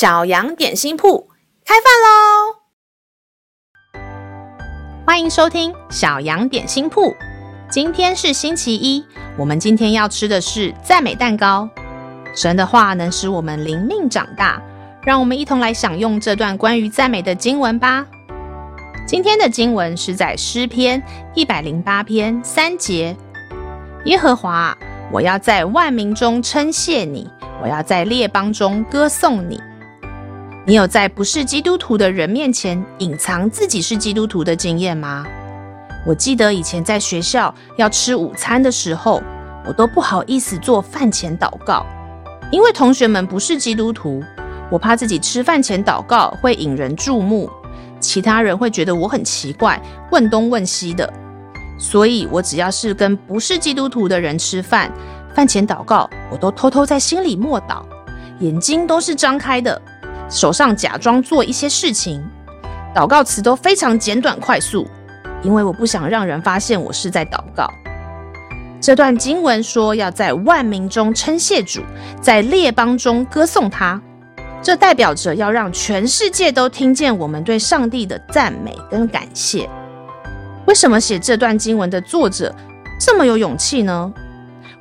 小羊點心鋪開飯嘍！歡迎收聽小羊點心鋪。今天是星期一，我們今天要吃的是讚美蛋糕。神的話能使我們靈命長大，讓我們一同來享用這段關於讚美的經文吧。今天的經文是在詩篇一百零八篇三節：耶和華，我要在萬民中稱謝你，我要在列邦中歌頌你。你有在不是基督徒的人面前隱藏自己是基督徒的經驗嗎？我記得以前在學校要吃午餐的時候，我都不好意思做飯前禱告，因為同學們不是基督徒，我怕自己吃飯前禱告會引人注目，其他人會覺得我很奇怪，問東問西的。所以，我只要是跟不是基督徒的人吃飯，飯前禱告，我都偷偷在心裡默禱，眼睛都是張開的。手上假裝做一些事情，禱告詞都非常簡短快速，因為我不想讓人發現我是在禱告。這段經文說要在萬民中稱謝主，在列邦中歌頌他，這代表着要讓全世界都聽見我們對上帝的讚美跟感謝。為什麼寫這段經文的作者這麼有勇氣呢？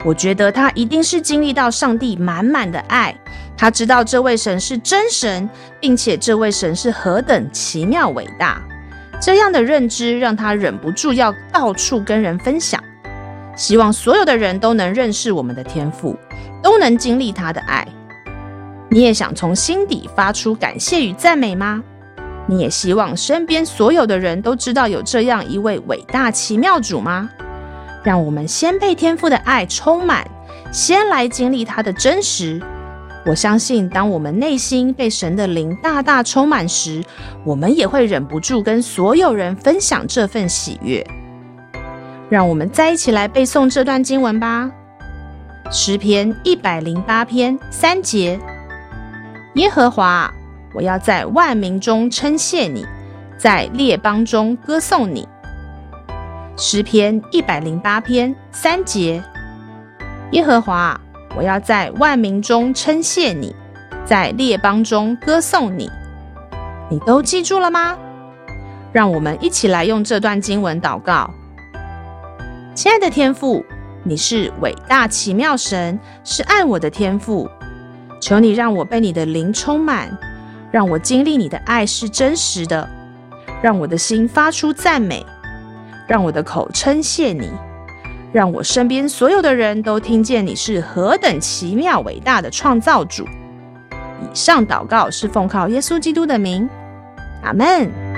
我覺得他一定是經歷到上帝滿滿的愛。他知道這位神是真神，並且這位神是何等奇妙偉大。這樣的認知讓他忍不住要到處跟人分享，希望所有的人都能認識我們的天父，都能經歷他的愛。你也想從心底發出感謝與讚美嗎？你也希望身邊所有的人都知道有這樣一位偉大奇妙主嗎？讓我們先被天父的愛充滿，先來經歷他的真實。我相信，當我們內心被神的靈大大充滿時，我們也會忍不住跟所有人分享這份喜悅。讓我們再一起來背誦這段經文吧。詩篇一百零八篇三節：耶和華，我要在萬民中稱謝你，在列邦中歌頌你。詩篇一百零八篇三節：耶和華。我要在萬民中稱謝你，在列邦中歌頌你，你都記住了嗎？讓我們一起來用這段經文禱告。親愛的天父，你是偉大奇妙神，是愛我的天父，求你讓我被你的靈充滿，讓我經歷你的愛是真實的，讓我的心發出讚美，讓我的口稱謝你。讓我身邊所有的人都聽見，你是何等奇妙偉大的創造主。以上禱告是奉靠耶穌基督的名。阿門。